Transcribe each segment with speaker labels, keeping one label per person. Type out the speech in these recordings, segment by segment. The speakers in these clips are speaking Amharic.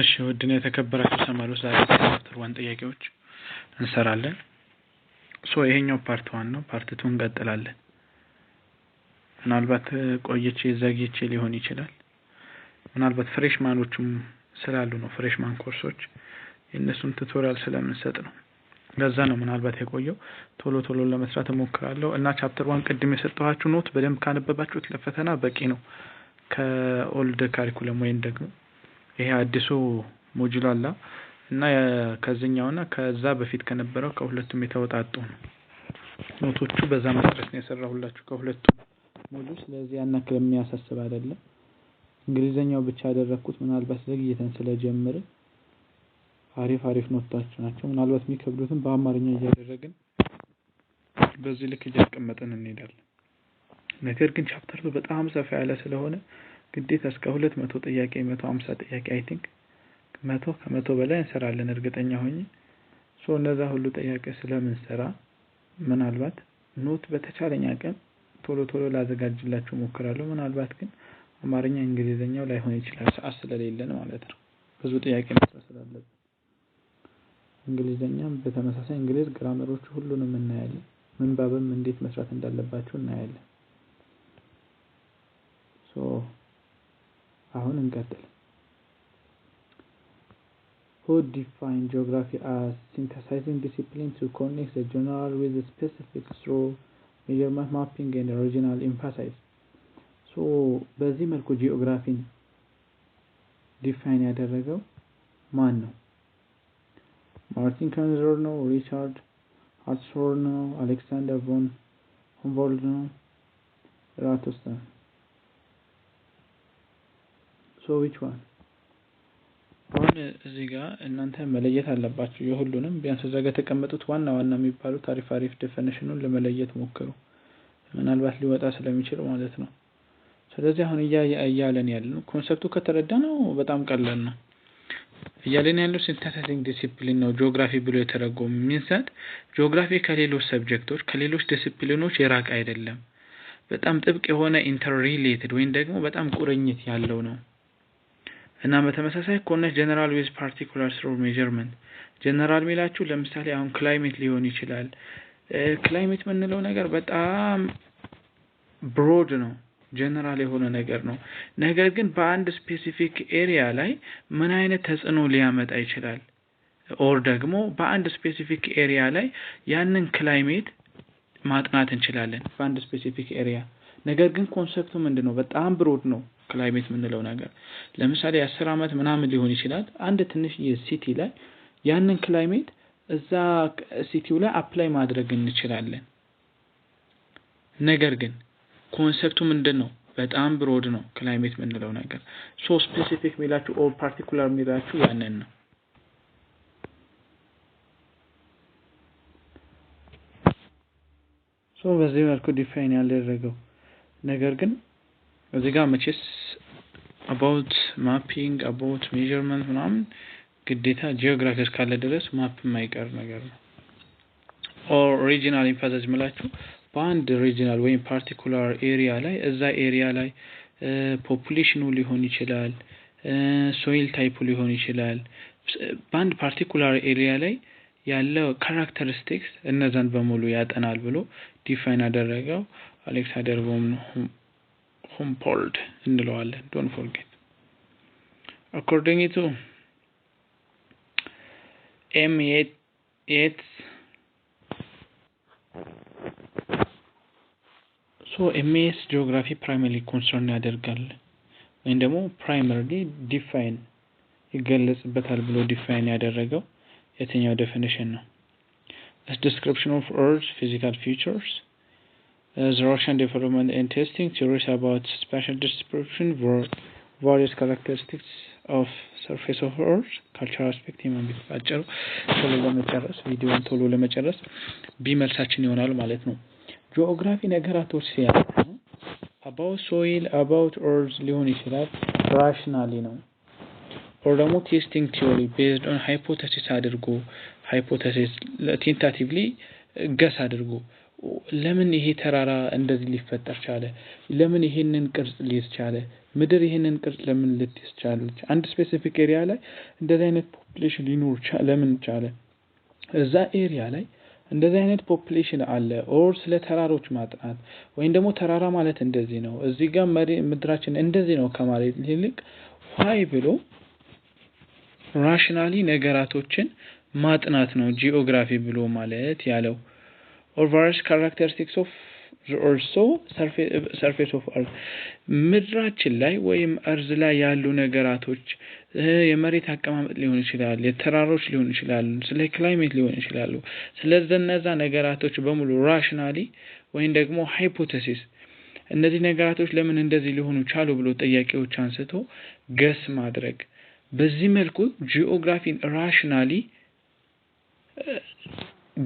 Speaker 1: እሺ ውድና የተከበራቸው ተማሪዎች ዛሬ ቻፕተር ዋን ጥያቄዎች እንሰራለን። ሶ ይሄኛው ፓርት ዋን ነው። ፓርት ቱ እንቀጥላለን። ምናልባት ቆይቼ ዘግይቼ ሊሆን ይችላል። ምናልባት ፍሬሽ ማኖችም ስላሉ ነው። ፍሬሽማን ኮርሶች የእነሱን ቱቶሪያል ስለምንሰጥ ነው። ለዛ ነው ምናልባት የቆየው። ቶሎ ቶሎ ለመስራት እሞክራለሁ እና ቻፕተር ዋን ቅድም የሰጠኋችሁ ኖት በደንብ ካነበባችሁት ለፈተና በቂ ነው ከኦልድ ካሪኩለም ወይም ደግሞ ይሄ አዲሱ ሞጁል አለ እና ከዚህኛው ከዛ በፊት ከነበረው ከሁለቱም የተወጣጡ ነው። ኖቶቹ በዛ መሰረት ነው የሰራሁላችሁ ከሁለቱም
Speaker 2: ሞጁል። ስለዚህ ያን ያክል የሚያሳስብ አይደለም። እንግሊዘኛው ብቻ ያደረኩት ምናልባት ዘግይተን ስለጀመረ አሪፍ አሪፍ ኖቶች ናቸው። ምናልባት የሚከብዱትን በአማርኛ እያደረግን በዚህ ልክ እያስቀመጥን እንሄዳለን። ነገር ግን ቻፕተር በጣም ሰፋ ያለ ስለሆነ ግዴታ እስከ 200 መቶ ጥያቄ 150 ጥያቄ አይ ቲንክ ከ100 በላይ እንሰራለን እርግጠኛ ሆኜ ሶ እነዛ ሁሉ ጥያቄ ስለምንሰራ ምናልባት ኖት በተቻለኝ አቅም ቶሎ ቶሎ ላዘጋጅላችሁ ሞክራለሁ። ምናልባት ግን አማርኛ እንግሊዝኛው ላይሆን ይችላል ሰዓት ስለሌለን ማለት ነው። ብዙ ጥያቄ መስራት ስላለብን እንግሊዝኛም በተመሳሳይ እንግሊዝ ግራመሮቹ ሁሉንም እናያለን። ምንባብም እንዴት መስራት እንዳለባችሁ እናያለን። ሶ አሁን እንቀጥል። Who defined geography as synthesizing discipline to connect the general with the specific through measurement, mapping, and regional emphasis? So, በዚህ መልኩ ጂኦግራፊን ዲፋይን ያደረገው ማን ነው? ማርቲን ካንዘር ነው? ሪቻርድ ሃርትሾር ነው? አሌክሳንደር ቮን ሁምቦልት ነው? so which one አሁን እዚህ ጋር እናንተ መለየት አለባችሁ። የሁሉንም ቢያንስ እዛ ጋር የተቀመጡት ዋና ዋና የሚባሉት አሪፍ አሪፍ ዴፊኒሽኑን ለመለየት ሞክሩ። ምናልባት ሊወጣ ስለሚችል ማለት ነው። ስለዚህ አሁን እያለን ያለን ኮንሰፕቱ ከተረዳ ነው በጣም ቀላል ነው። እያለን ያለው ሲንታሳይዚንግ ዲሲፕሊን ነው። ጂኦግራፊ ብሎ የተረጎሙ ሚንሰት ጂኦግራፊ ከሌሎች ሰብጀክቶች ከሌሎች ዲሲፕሊኖች የራቅ አይደለም። በጣም ጥብቅ የሆነ ኢንተር ሪሌትድ ወይም ደግሞ በጣም ቁርኝት ያለው ነው። እና በተመሳሳይ ኮነች ጀነራል ዊዝ ፓርቲኩላር ስሮ ሜጀርመንት ጀነራል ሚላችሁ ለምሳሌ አሁን ክላይሜት ሊሆን ይችላል። ክላይሜት የምንለው ነገር በጣም ብሮድ ነው፣ ጀነራል የሆነ ነገር ነው። ነገር ግን በአንድ ስፔሲፊክ ኤሪያ ላይ ምን አይነት ተጽዕኖ ሊያመጣ ይችላል ኦር ደግሞ በአንድ ስፔሲፊክ ኤሪያ ላይ ያንን ክላይሜት ማጥናት እንችላለን። በአንድ ስፔሲፊክ ኤሪያ ነገር ግን ኮንሰፕቱ ምንድን ነው? በጣም ብሮድ ነው። ክላይሜት የምንለው ነገር ለምሳሌ አስር ዓመት ምናምን ሊሆን ይችላል። አንድ ትንሽ ሲቲ ላይ ያንን ክላይሜት እዛ ሲቲው ላይ አፕላይ ማድረግ እንችላለን። ነገር ግን ኮንሰፕቱ ምንድን ነው? በጣም ብሮድ ነው ክላይሜት የምንለው ነገር። ሶ ስፔሲፊክ የሚላችሁ ኦር ፓርቲኩላር የሚላችሁ ያንን ነው። ሶ በዚህ መልኩ ዲፋይን ያለ ያደረገው ነገር ግን እዚህ ጋር መቼስ አባውት ማፒንግ አባውት ሜዠርመንት ምናምን ግዴታ ጂኦግራፊ እስካለ ድረስ ማፕ የማይቀር ነገር ነው። ኦር ሪጂናል ኢንፋሳይዝ ምላችሁ በአንድ ሪጂናል ወይም ፓርቲኩላር ኤሪያ ላይ እዛ ኤሪያ ላይ ፖፑሌሽኑ ሊሆን ይችላል፣ ሶይል ታይፑ ሊሆን ይችላል። በአንድ ፓርቲኩላር ኤሪያ ላይ ያለው ካራክተሪስቲክስ እነዛን በሙሉ ያጠናል ብሎ ዲፋይን አደረገው አሌክሳንደር ቦም ነው። humbled in the world. Don't forget. According to M. Yates, so M.S. geography primarily concerns other girl. In the more primarily define a girl's battle below define other ago, it's in your definition. As description of Earth's physical features. Uh, the Russian development and testing theories about spatial distribution were various characteristics of surface of earth cultural aspect የሚል ባጭሩ ቶሎ ለመጨረስ ቪዲዮን ቶሎ ለመጨረስ ቢመልሳችን ይሆናል ማለት ነው። ጂኦግራፊ ነገራቶች ሲያል አባውት ሶይል አባውት ኦርዝ ሊሆን ይችላል ራሽናሊ ነው ኦር ደግሞ ቴስቲንግ ቲዮሪ ቤዝድ ኦን ሃይፖተሲስ አድርጎ ሃይፖተሲስ ቴንታቲቭሊ ገስ አድርጎ ለምን ይሄ ተራራ እንደዚህ ሊፈጠር ቻለ? ለምን ይሄንን ቅርጽ ሊይዝ ቻለ? ምድር ይሄንን ቅርጽ ለምን ልትይዝ ቻለች? አንድ ስፔሲፊክ ኤሪያ ላይ እንደዚህ አይነት ፖፕሌሽን ሊኖር ለምን ቻለ? እዛ ኤሪያ ላይ እንደዚህ አይነት ፖፕሌሽን አለ። ኦር ስለ ተራሮች ማጥናት ወይም ደግሞ ተራራ ማለት እንደዚህ ነው፣ እዚህ ጋር ምድራችን እንደዚህ ነው ከማለት ይልቅ ዋይ ብሎ ራሽናሊ ነገራቶችን ማጥናት ነው ጂኦግራፊ ብሎ ማለት ያለው። or various characteristics of or so surface of earth ምድራችን ላይ ወይም እርዝ ላይ ያሉ ነገራቶች የመሬት አቀማመጥ ሊሆን ይችላል፣ የተራሮች ሊሆን ይችላሉ፣ ስለ ክላይሜት ሊሆን ይችላሉ። ስለዚህ እነዛ ነገራቶች በሙሉ ራሽናሊ ወይም ደግሞ ሃይፖቴሲስ እነዚህ ነገራቶች ለምን እንደዚህ ሊሆኑ ቻሉ ብሎ ጥያቄዎች አንስቶ ገስ ማድረግ በዚህ መልኩ ጂኦግራፊን ራሽናሊ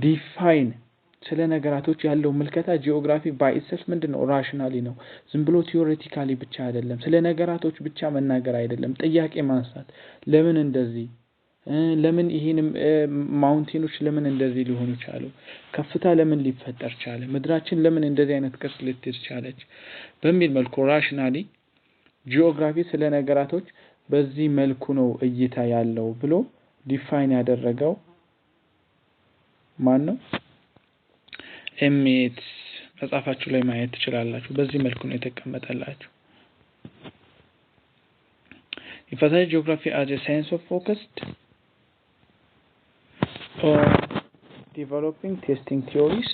Speaker 2: ዲፋይን ስለ ነገራቶች ያለው ምልከታ ጂኦግራፊ ባይሰልፍ ምንድን ነው ራሽናሊ ነው። ዝም ብሎ ቲዎሬቲካሊ ብቻ አይደለም። ስለ ነገራቶች ብቻ መናገር አይደለም፣ ጥያቄ ማንሳት። ለምን እንደዚህ ለምን ይሄንም ማውንቴኖች ለምን እንደዚህ ሊሆኑ ቻሉ? ከፍታ ለምን ሊፈጠር ቻለ? ምድራችን ለምን እንደዚህ አይነት ቅርስ ልትይዝ ቻለች? በሚል መልኩ ራሽናሊ ጂኦግራፊ ስለ ነገራቶች በዚህ መልኩ ነው እይታ ያለው ብሎ ዲፋይን ያደረገው ማን ነው? ኤምኤት መጽሐፋችሁ ላይ ማየት ትችላላችሁ። በዚህ መልኩ ነው የተቀመጠላችሁ። የፈሳሽ ጂኦግራፊ አዝ ሳይንስ ኦፍ ፎከስድ ዲቨሎፒንግ ቴስቲንግ ቲዮሪስ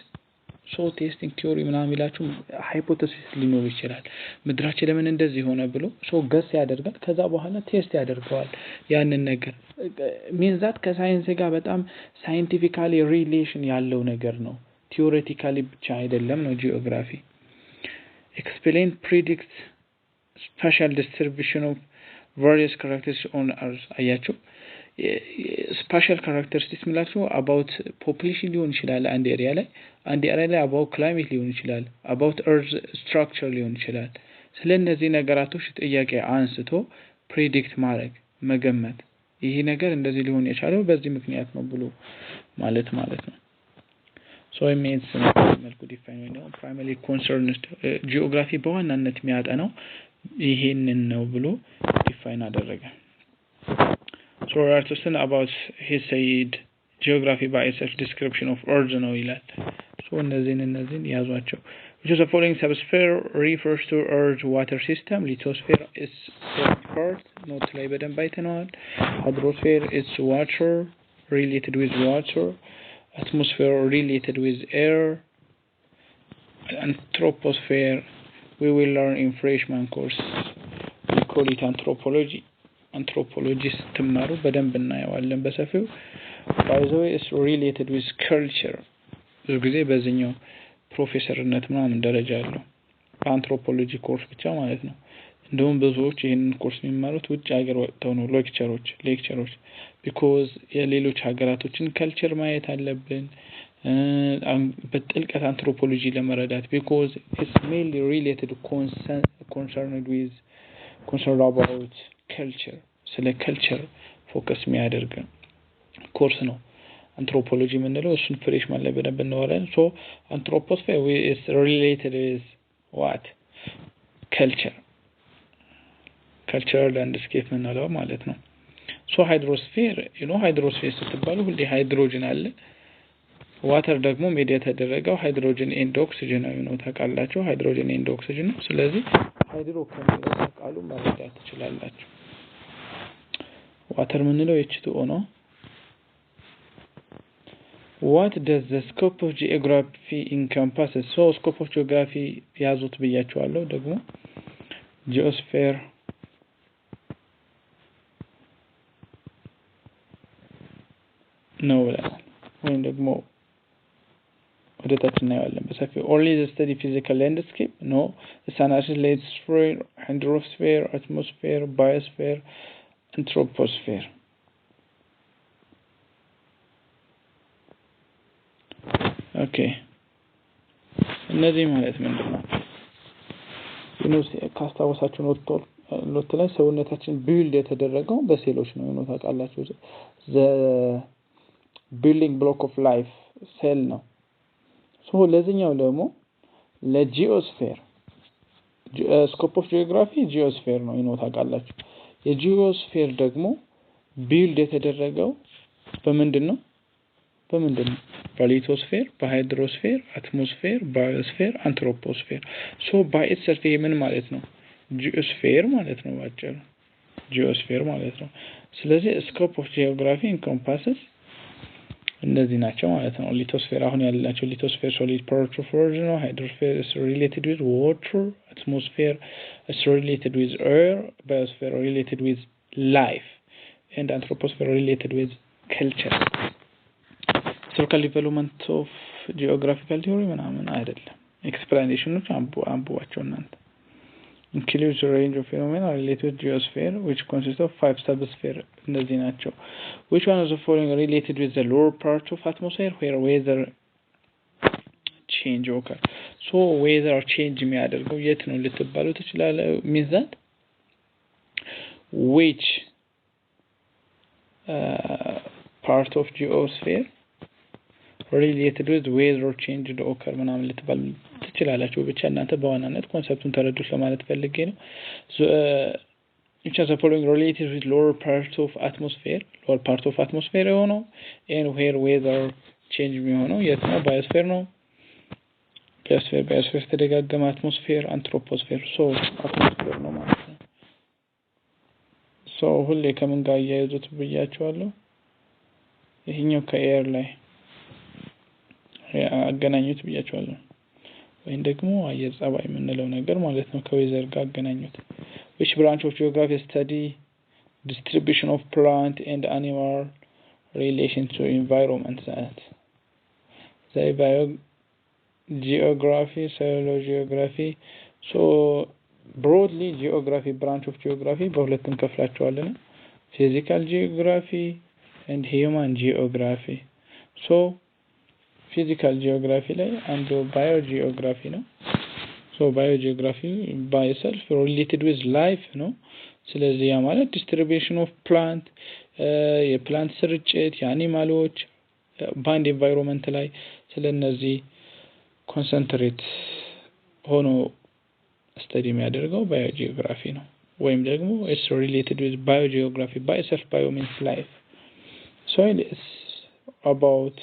Speaker 2: ሶ ቴስቲንግ ቲዮሪ ምናምን ይላችሁ ሃይፖቴሲስ ሊኖር ይችላል። ምድራችን ለምን እንደዚህ ሆነ ብሎ ሶ ገስ ያደርጋል። ከዛ በኋላ ቴስት ያደርገዋል ያንን ነገር ሚንዛት ከሳይንስ ጋር በጣም ሳይንቲፊካሊ ሪሌሽን ያለው ነገር ነው። ቲዎሬቲካሊ ብቻ አይደለም ነው ጂኦግራፊ ኤክስፕሌን ፕሪዲክት ስፓሻል ዲስትሪቢሽን ኦፍ ቫሪስ ካራክተርስ ኦን አርዝ አያቸው ስፓሻል ካራክተሪስቲክስ ምላቸው አባውት ፖፕሌሽን ሊሆን ይችላል አንድ ኤሪያ ላይ አንድ ኤሪያ ላይ አባውት ክላይሜት ሊሆን ይችላል አባውት እርዝ ስትራክቸር ሊሆን ይችላል ስለ እነዚህ ነገራቶች ጥያቄ አንስቶ ፕሬዲክት ማድረግ መገመት ይሄ ነገር እንደዚህ ሊሆን የቻለው በዚህ ምክንያት ነው ብሎ ማለት ማለት ነው ሶ ሜን ስንት መልኩ ዲፋይን ወይ ነው ፕራይማሪ ኮንሰርንስ ጂኦግራፊ በዋናነት የሚያጠ ነው ይሄንን ነው ብሎ ዲፋይን አደረገ ሶ ራርቶስን አባውት ሄሰይድ ጂኦግራፊ ባይ ሰልፍ ዲስክሪፕሽን ኦፍ ኦርድ ነው ይላል ሶ እነዚህን እነዚህን ያዟቸው Which is the following subsphere refers to Earth's water system. Lithosphere is Earth, not labeled by Hydrosphere is water, related with water atmosphere related with air and anthroposphere we will learn in freshman course we call it anthropology anthropologist ትማሩ በደንብ እናየዋለን በሰፊው by the way it's related with culture ብዙ ጊዜ በዚህኛው ፕሮፌሰርነት ምናምን ደረጃ አለው Anthropology course, ብቻ ማለት ነው እንደውም ብዙዎች ይህንን ኮርስ የሚማሩት ውጭ ሀገር ወጥተው ነው። ሌክቸሮች ሌክቸሮች ቢኮዝ የሌሎች ሀገራቶችን ከልቸር ማየት አለብን በጥልቀት አንትሮፖሎጂ ለመረዳት ቢኮዝ ስ ሜይንሊ ሪሌትድ ኮንሰርንድ ዊዝ ኮንሰርን አባውት ከልቸር ስለ ከልቸር ፎከስ የሚያደርግ ኮርስ ነው። አንትሮፖሎጂ የምንለው እሱን ፍሬሽ ላይ በደንብ እናወራለን። ሶ አንትሮፖስፋ ሪሌትድ ዋት ከልቸር ካልቸራል ላንድስኬፕ የምንለው ማለት ነው። ሶ ሃይድሮስፌር ዩኖ ሃይድሮስፌር ስትባሉ ሁሌ ሃይድሮጅን አለ። ዋተር ደግሞ ሜዲ የተደረገው ሃይድሮጅን ኤንድ ኦክሲጅናዊ ነው ታውቃላችሁ። ሃይድሮጅን ኤንድ ኦክሲጅን ነው። ስለዚህ ሃይድሮ ከሚለው ቃሉ መረዳት ትችላላቸው ዋተር ምንለው ኤች ቱ ነው። ዋት ደዝ ዘ ስኮፕ ኦፍ ጂኦግራፊ ኢንካምፓስ ሶ ስኮፕ ኦፍ ጂኦግራፊ ያዙት ብያቸዋለሁ ደግሞ ጂኦስፌር ነው ብለናል። ወይም ደግሞ ወደ ታች እናየዋለን በሰፊው ኦንሊ ዘ ስተዲ ፊዚካል ላንድስኬፕ ኖ ሳናሽን ሌትስፌር ሃይድሮስፌር አትሞስፌር ባዮስፌር አንትሮፖስፌር ኦኬ እነዚህ ማለት ምንድን ነው ካስታወሳችሁን ወጥቷል ሎት ላይ ሰውነታችን ቢውልድ የተደረገው በሴሎች ነው ኖ ታውቃላችሁ ቢልዲንግ ብሎክ ኦፍ ላይፍ ሴል ነው። ለዚኛው ደግሞ ለጂኦስፌር ስኮፕ ኦፍ ጂኦግራፊ ጂኦስፌር ነው ይኖ ታውቃላችሁ። የጂኦስፌር ደግሞ ቢልድ የተደረገው በምንድን ነው? በምንድን ነው? በሊቶስፌር፣ በሃይድሮስፌር፣ አትሞስፌር፣ ባዮስፌር፣ አንትሮፖስፌር። ሶ ባይት ሰርፍ ይሄ ምን ማለት ነው? ጂኦስፌር ማለት ነው። ባጭሩ ጂኦስፌር ማለት ነው። ስለዚህ ስኮፕ ኦፍ ጂኦግራፊ ኢንኮምፓስስ እነዚህ ናቸው ማለት ነው። ሊቶስፌር አሁን ያላቸው ሊቶስፌር ሶሊድ ፖርትሮፎርጅ ነው። ሃይድሮስፌር ኢስ ሪሌትድ ዊዝ ዋተር፣ አትሞስፌር ኢስ ሪሌትድ ዊዝ ኤር፣ ባዮስፌር ሪሌትድ ዊዝ ላይፍ ኤንድ አንትሮፖስፌር ሪሌትድ ዊዝ ከልቸር። ሂስቶሪካል ዲቨሎፕመንት ኦፍ ጂኦግራፊካል ቲዮሪ ምናምን አይደለም። ኤክስፕላኔሽኖች አንብቧቸው እናንተ includes a range of phenomena related to geosphere which consists of five subspheres the ናቸው which one of the following related with the lower part of atmosphere where weather change occur so weather change means that which uh, part of geosphere ሪሌትድ ዊዝ ዌዝ ኦር ቼንጅ ኦከር ምናምን ልትባል ትችላላችሁ። ብቻ እናንተ በዋናነት ኮንሰፕቱን ተረዱት ለማለት ፈልጌ ነው። ብቻ ፎሎዊንግ ሪሌትድ ዊዝ ሎወር ፓርት ኦፍ አትሞስፌር ሎወር ፓርት ኦፍ አትሞስፌር የሆነው ኤን ዌር ዌዝ ቼንጅ የሚሆነው የት ነው? ባዮስፌር ነው። ባዮስፌር ባዮስፌር ተደጋገመ። አትሞስፌር አንትሮፖስፌር ሶ አትሞስፌር ነው ማለት ነው። ሶ ሁሌ ከምን ጋር እያያዙት ብያቸዋለሁ። ይህኛው ከኤር ላይ አገናኙት ብያቸዋለሁ። ወይም ደግሞ አየር ጸባይ የምንለው ነገር ማለት ነው። ከዌዘር ጋር አገናኙት። ዊች ብራንች ኦፍ ጂኦግራፊ ስተዲ ዲስትሪቢሽን ኦፍ ፕላንት ኤንድ አኒማል ሪሌሽን ቱ ኢንቫይሮንመንት ሳይንስ ዘይ ባዮ ጂኦግራፊ ሴሎ ጂኦግራፊ ሶ ብሮድሊ ጂኦግራፊ ብራንች ኦፍ ጂኦግራፊ በሁለት እንከፍላቸዋለን። ፊዚካል ጂኦግራፊ ኤንድ ሂዩማን ጂኦግራፊ ሶ ፊዚካል ጂኦግራፊ ላይ አንዱ ባዮ ጂኦግራፊ ነው። ሶ ባዮ ጂኦግራፊ ባይ ሰልፍ ሪሌትድ ዊዝ ላይፍ ነው። ስለዚህ ያ ማለት ዲስትሪቢሽን ኦፍ ፕላንት፣ የፕላንት ስርጭት፣ የአኒማሎች በአንድ uh, ኤንቫይሮንመንት ላይ ስለ እነዚህ ኮንሰንትሬት ሆኖ ስተዲ የሚያደርገው ባዮ ጂኦግራፊ ነው። ወይም ደግሞ ኢትስ ሪሌትድ ዊዝ ባዮ ጂኦግራፊ ባይ ሰልፍ ባዮ ሚንስ ላይፍ ሶይል ኢትስ አባውት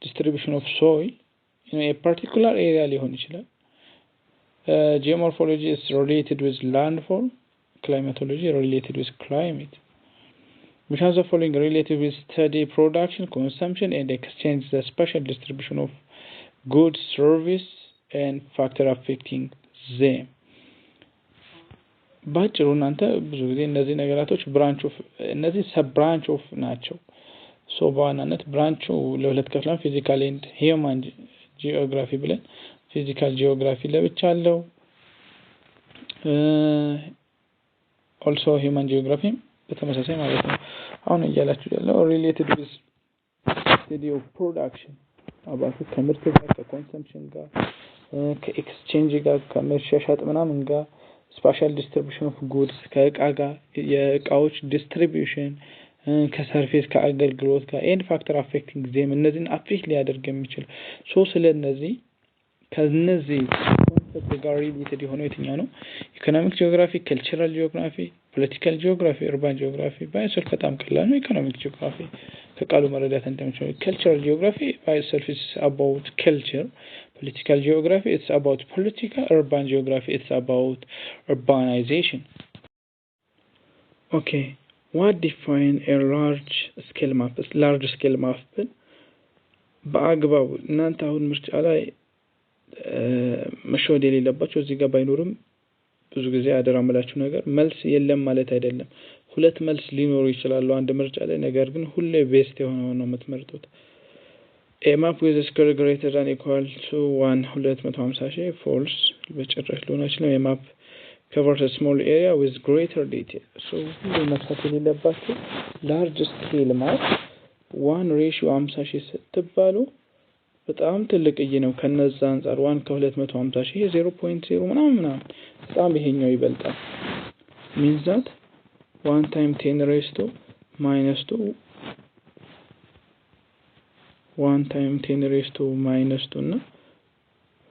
Speaker 2: distribution of soil in a particular area uh, geomorphology is related with landfall climatology related with climate which has the following related with study production consumption and exchange the spatial distribution of goods service and factor affecting them ባጭሩ እናንተ ብዙ ጊዜ እነዚህ ነገራቶች ብራንች እነዚህ ሰብ ብራንች ኦፍ ናቸው ሶ በዋናነት ብራንቹ ለሁለት ከፍለን ፊዚካል ኤንድ ሂማን ጂኦግራፊ ብለን ፊዚካል ጂኦግራፊ ለብቻ አለው። ኦልሶ ሂማን ጂኦግራፊ በተመሳሳይ ማለት ነው። አሁን እያላችሁ ያለው ሪሌትድ ዊዝ ፕሮዳክሽን አባቱ ከምርት ጋር ከኮንሰምፕሽን ጋር ከኤክስቼንጅ ጋር ከመሻሻጥ ምናምን ጋር ስፓሻል ዲስትሪቢሽን ኦፍ ጉድስ ከእቃ ጋር የእቃዎች ዲስትሪቢሽን ከሰርፌስ ከአገልግሎት ጋር ኤንድ ፋክተር አፌክቲንግ ዜም እነዚህን አፌክት ሊያደርግ የሚችል ሶ ስለ እነዚህ ከነዚህ ኮንሰፕት ጋር ሪሌትድ የሆነው የትኛው ነው? ኢኮኖሚክ ጂኦግራፊ፣ ከልቸራል ጂኦግራፊ፣ ፖለቲካል ጂኦግራፊ፣ ኡርባን ጂኦግራፊ ባይሰልፍ በጣም ቀላል ነው። ኢኮኖሚክ ጂኦግራፊ ከቃሉ መረዳት እንደምችለው፣ ከልቸራል ጂኦግራፊ ባይሰልፍ ኢትስ አባውት ከልቸር፣ ፖለቲካል ጂኦግራፊ ኢትስ አባውት ፖለቲካ፣ ኡርባን ጂኦግራፊ ኢትስ አባውት ኡርባናይዜሽን ኦኬ large scale map ስኬል ማፕስ ላርጅ ስኬል ማፕን በአግባቡ እናንተ አሁን ምርጫ ላይ መሸወድ የሌለባቸው እዚህ ጋር ባይኖርም ብዙ ጊዜ አደራ የምላችሁ ነገር መልስ የለም ማለት አይደለም። ሁለት መልስ ሊኖሩ ይችላሉ አንድ ምርጫ ላይ። ነገር ግን ሁሌ ቤስት የሆነውን ነው የምትመርጡት። ኤማፕ ዊዝ ስኬል ግሬተር ዳን ኢኳል ቱ ዋን ሁለት መቶ ሀምሳ ሺህ ፎልስ በጭራሽ ሊሆን አይችልም። ኤማፕ covers a small area with greater detail ሶ ሁሉ መፍታት የሌለባችሁ ላርጅ ስኬል ማለት ዋን ሬሽዮ ሀምሳ ሺህ ስትባሉ በጣም ትልቅዬ ነው። ከነዛ አንጻር ዋን ከሁለት መቶ ሀምሳ ሺህ ዜሮ ፖይንት ዜሮ ምናምን ምናምን በጣም ይሄኛው ይበልጣል። ሚንስ ዋን ታይም ቴን ሬስ ማይነስ ቱ ዋን ታይም ቴን ሬስ ማይነስ ቱ እና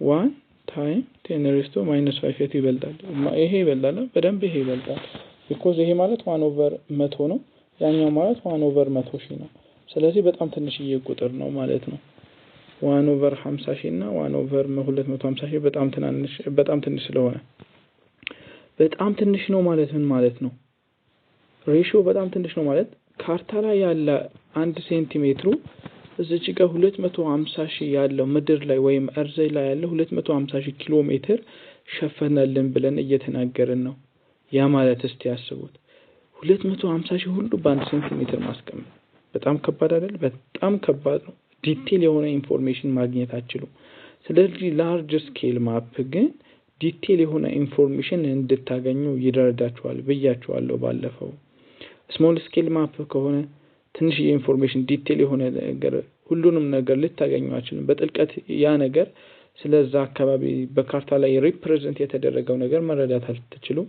Speaker 2: ዋን ታይም ቴን ሬስቶ ማይነስ ፋይቭ የት ይበልጣል? ይሄ ይበልጣል። በደንብ ይሄ ይበልጣል። ቢኮዝ ይሄ ማለት ዋን ኦቨር መቶ ነው። ያኛው ማለት ዋን ኦቨር መቶ ሺ ነው። ስለዚህ በጣም ትንሽዬ ቁጥር ነው ማለት ነው። ዋን ኦቨር 50 ሺ እና ዋን ኦቨር 250 ሺ በጣም ትናንሽ በጣም ትንሽ ስለሆነ በጣም ትንሽ ነው ማለት ምን ማለት ነው? ሬሽዮ በጣም ትንሽ ነው ማለት ካርታ ላይ ያለ አንድ ሴንቲሜትሩ እዚች ጋር ሁለት መቶ ሀምሳ ሺህ ያለው ምድር ላይ ወይም እርዝ ላይ ያለው ሁለት መቶ ሀምሳ ሺህ ኪሎ ሜትር ሸፈነልን ብለን እየተናገርን ነው። ያ ማለት እስቲ ያስቡት ሁለት መቶ ሀምሳ ሺህ ሁሉ በአንድ ሴንቲሜትር ማስቀመጥ በጣም ከባድ አይደል? በጣም ከባድ ነው። ዲቴል የሆነ ኢንፎርሜሽን ማግኘት አችሉም። ስለዚህ ላርጅ ስኬል ማፕ ግን ዲቴል የሆነ ኢንፎርሜሽን እንድታገኙ ይረዳችኋል ብያችኋለሁ ባለፈው። ስሞል ስኬል ማፕ ከሆነ ትንሽ የኢንፎርሜሽን ዲቴል የሆነ ነገር ሁሉንም ነገር ልታገኙ በጥልቀት ያ ነገር ስለዛ አካባቢ በካርታ ላይ ሪፕሬዘንት የተደረገው ነገር መረዳት አትችሉም።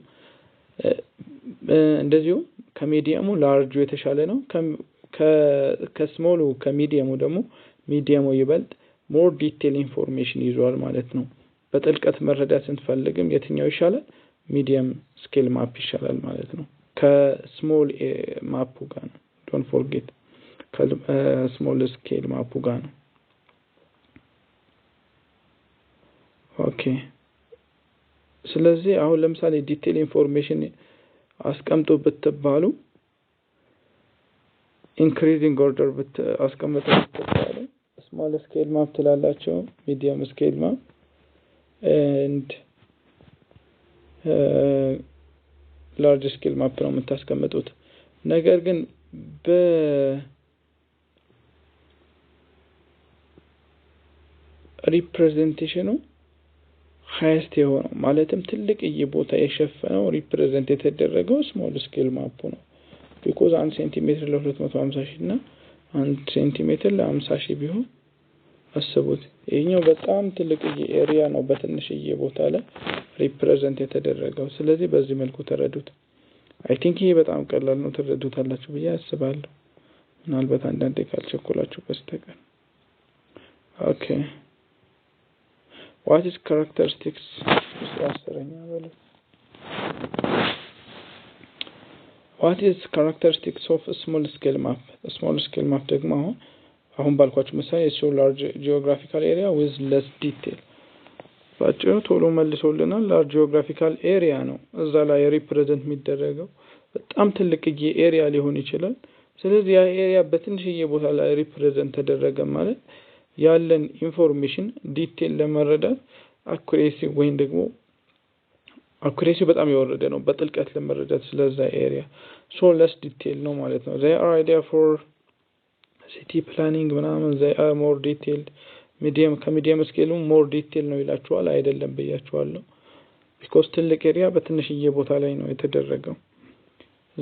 Speaker 2: እንደዚሁም ከሚዲየሙ ላርጁ የተሻለ ነው። ከስሞሉ ከሚዲየሙ ደግሞ ሚዲየሙ ይበልጥ ሞር ዲቴል ኢንፎርሜሽን ይዟል ማለት ነው። በጥልቀት መረዳት ስንፈልግም የትኛው ይሻላል? ሚዲየም ስኬል ማፕ ይሻላል ማለት ነው። ከስሞል ማፑ ጋር ነው። ዶን ፎርጌት ስሞል ስኬል ማፑ ጋር ነው። ኦኬ ስለዚህ አሁን ለምሳሌ ዲቴል ኢንፎርሜሽን አስቀምጦ ብትባሉ ኢንክሪዚንግ ኦርደር አስቀምጦ ብትባሉ ስሞል ስኬል ማፕ ትላላቸው፣ ሚዲየም ስኬል ማፕ ኤንድ ላርጅ ስኬል ማፕ ነው የምታስቀምጡት ነገር ግን በ ሪፕሬዘንቴሽኑ ሀያስት የሆነው ማለትም ትልቅዬ ቦታ የሸፈነው ሪፕሬዘንት የተደረገው ስሞል ስኬል ማፑ ነው። ቢኮዝ አንድ ሴንቲሜትር ለሁለት መቶ ሀምሳ ሺ እና አንድ ሴንቲሜትር ለሀምሳ ሺ ቢሆን አስቡት። ይህኛው በጣም ትልቅዬ ኤሪያ ነው በትንሽዬ ቦታ ላይ ሪፕሬዘንት የተደረገው። ስለዚህ በዚህ መልኩ ተረዱት። አይ ቲንክ ይሄ በጣም ቀላል ነው፣ ትረዱታላችሁ ብዬ አስባለሁ። ምናልባት አንዳንዴ ካልቸኮላችሁ በስተቀር ኦኬ። ዋትስ ካራክተሪስቲክስ አስረኛ በለ ካራክተሪስቲክስ ኦፍ ስሞል ስኬል ማፕ። ስሞል ስኬል ማፕ ደግሞ አሁን አሁን ባልኳችሁ ምሳሌ የሶ ላርጅ ጂኦግራፊካል ኤሪያ ዊዝ ለስ ዲቴል በአጭሩ ቶሎ መልሶልናል። ላርጅ ጂኦግራፊካል ኤሪያ ነው እዛ ላይ ሪፕሬዘንት የሚደረገው በጣም ትልቅዬ ኤሪያ ሊሆን ይችላል። ስለዚህ ያ ኤሪያ በትንሽዬ ቦታ ላይ ሪፕሬዘንት ተደረገ ማለት ያለን ኢንፎርሜሽን ዲቴል ለመረዳት አኩሬሲ ወይም ደግሞ አኩሬሲ በጣም የወረደ ነው በጥልቀት ለመረዳት ስለዛ ኤሪያ ሶ ለስ ዲቴል ነው ማለት ነው። ዘይ አር አይዲያ ፎር ሲቲ ፕላኒንግ ምናምን ዘይ አር ሞር ዲቴልድ ሚዲየም ከሚዲየም ስኬሉ ሞር ዲቴል ነው ይላችኋል። አይደለም ብያችኋለሁ። ቢኮስ ትልቅ ኤሪያ በትንሽዬ ቦታ ላይ ነው የተደረገው።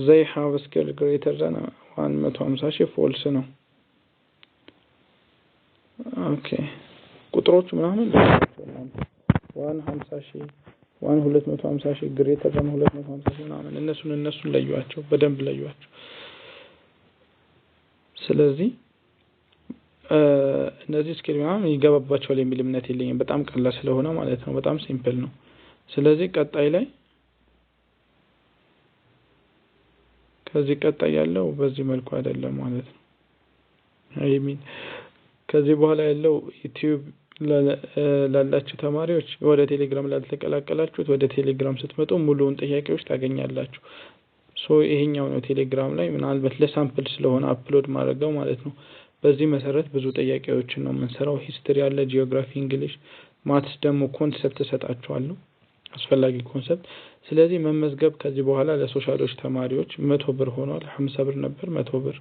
Speaker 2: ዘይ ሃቭ ስኬል ግሬተር ዘን 150 ሺህ ፎልስ ነው። ኦኬ ቁጥሮቹ ምናምን ዋን ሺህ ዋን 250 ሺህ ግሬተር ዘን 250 ሺህ ምናምን እነሱን እነሱን ለዩዋቸው፣ በደንብ ለዩዋቸው። ስለዚህ እነዚህ ስኪል ምናምን ይገባባቸዋል የሚል እምነት የለኝም። በጣም ቀላል ስለሆነ ማለት ነው። በጣም ሲምፕል ነው። ስለዚህ ቀጣይ ላይ ከዚህ ቀጣይ ያለው በዚህ መልኩ አይደለም ማለት ነው። ከዚህ በኋላ ያለው ዩቲዩብ ላላችሁ ተማሪዎች ወደ ቴሌግራም ላልተቀላቀላችሁት ወደ ቴሌግራም ስትመጡ ሙሉውን ጥያቄዎች ታገኛላችሁ። ሶ ይሄኛው ነው ቴሌግራም ላይ ምናልባት ለሳምፕል ስለሆነ አፕሎድ ማድረገው ማለት ነው። በዚህ መሰረት ብዙ ጥያቄዎችን ነው የምንሰራው። ሂስትሪ አለ፣ ጂኦግራፊ፣ እንግሊሽ፣ ማትስ ደግሞ ኮንሰፕት እሰጣቸዋለሁ አስፈላጊ ኮንሰፕት። ስለዚህ መመዝገብ ከዚህ በኋላ ለሶሻሎች ተማሪዎች መቶ ብር ሆኗል። ሀምሳ ብር ነበር መቶ ብር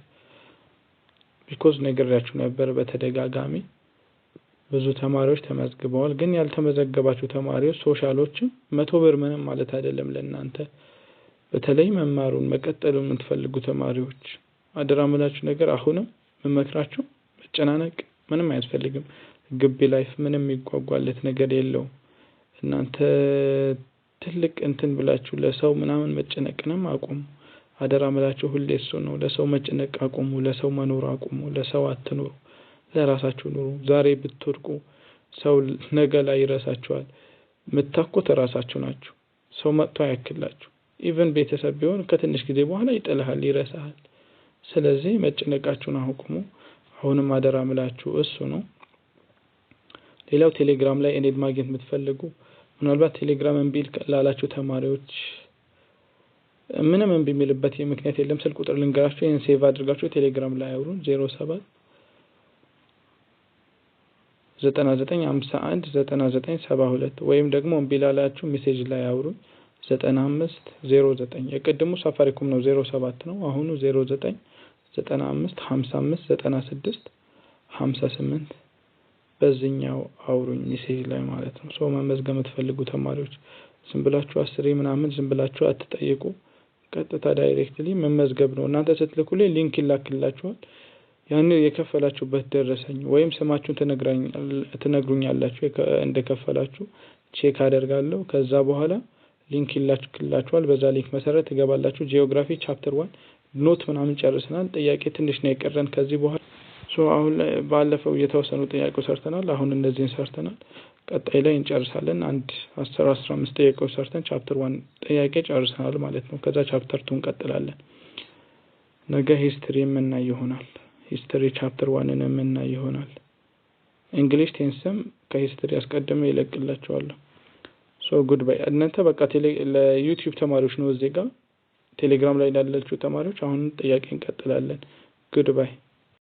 Speaker 2: ቢኮዝ ነግሬያችሁ ነበር በተደጋጋሚ ብዙ ተማሪዎች ተመዝግበዋል። ግን ያልተመዘገባችሁ ተማሪዎች ሶሻሎችን መቶ ብር ምንም ማለት አይደለም ለእናንተ በተለይ መማሩን መቀጠሉ የምትፈልጉ ተማሪዎች አደራ ምላችሁ ነገር አሁንም የምመክራችሁ መጨናነቅ ምንም አያስፈልግም። ግቢ ላይፍ ምንም የሚጓጓለት ነገር የለውም። እናንተ ትልቅ እንትን ብላችሁ ለሰው ምናምን መጨነቅንም አቁሙ። አደራ ምላችሁ ሁሌ እሱ ነው። ለሰው መጨነቅ አቁሙ። ለሰው መኖር አቁሙ። ለሰው አትኑሩ። ለራሳችሁ ኑሩ። ዛሬ ብትወድቁ ሰው ነገ ላይ ይረሳችኋል። የምታኮት ራሳችሁ ናችሁ። ሰው መጥቶ አያክላችሁ። ኢቨን ቤተሰብ ቢሆን ከትንሽ ጊዜ በኋላ ይጥልሃል፣ ይረሳሃል። ስለዚህ መጨነቃችሁን አቁሙ። አሁንም አደራ ምላችሁ እሱ ነው። ሌላው ቴሌግራም ላይ እኔን ማግኘት የምትፈልጉ ምናልባት ቴሌግራም እምቢ ላላችሁ ተማሪዎች ምንም እምቢ የሚልበት ምክንያት የለም። ስልክ ቁጥር ልንገራችሁ። ይህን ሴቭ አድርጋችሁ ቴሌግራም ላይ አውሩን። ዜሮ ሰባት ዘጠና ዘጠኝ ሀምሳ አንድ ዘጠና ዘጠኝ ሰባ ሁለት ወይም ደግሞ እምቢ ላላችሁ ሜሴጅ ላይ አውሩኝ። ዘጠና አምስት ዜሮ ዘጠኝ የቅድሙ ሳፋሪኮም ነው ዜሮ ሰባት ነው። አሁኑ ዜሮ ዘጠኝ ዘጠና አምስት ሀምሳ አምስት ዘጠና ስድስት ሀምሳ ስምንት በዚህኛው አውሩኝ ሜሴጅ ላይ ማለት ነው። ሰው መመዝገብ የምትፈልጉ ተማሪዎች ዝም ብላችሁ አስሬ ምናምን ዝም ብላችሁ አትጠይቁ። ቀጥታ ዳይሬክትሊ መመዝገብ ነው። እናንተ ስትልኩ ላይ ሊንክ ይላክላችኋል። ያን የከፈላችሁበት ደረሰኝ ወይም ስማችሁን ትነግሩኛላችሁ እንደከፈላችሁ ቼክ አደርጋለሁ። ከዛ በኋላ ሊንክ ይላክላችኋል። በዛ ሊንክ መሰረት ትገባላችሁ። ጂኦግራፊ ቻፕተር ዋን ኖት ምናምን ጨርሰናል። ጥያቄ ትንሽ ነው የቀረን ከዚህ በኋላ አሁን ባለፈው የተወሰኑ ጥያቄዎች ሰርተናል። አሁን እነዚህን ሰርተናል። ቀጣይ ላይ እንጨርሳለን። አንድ አስር አስራ አምስት ጥያቄዎች ሰርተን ቻፕተር ዋን ጥያቄ ጨርሰናል ማለት ነው። ከዛ ቻፕተር ቱ እንቀጥላለን። ነገ ሂስትሪ የምናይ ይሆናል። ሂስትሪ ቻፕተር ዋንን የምናይ ይሆናል። እንግሊሽ ቴንስም ከሂስትሪ አስቀድመ ይለቅላቸዋለሁ። ሶ ጉድ ባይ እናንተ በቃ ለዩቲዩብ ተማሪዎች ነው እዚህ ጋር ቴሌግራም ላይ ላላችሁ ተማሪዎች አሁንም ጥያቄ እንቀጥላለን። ጉድ ባይ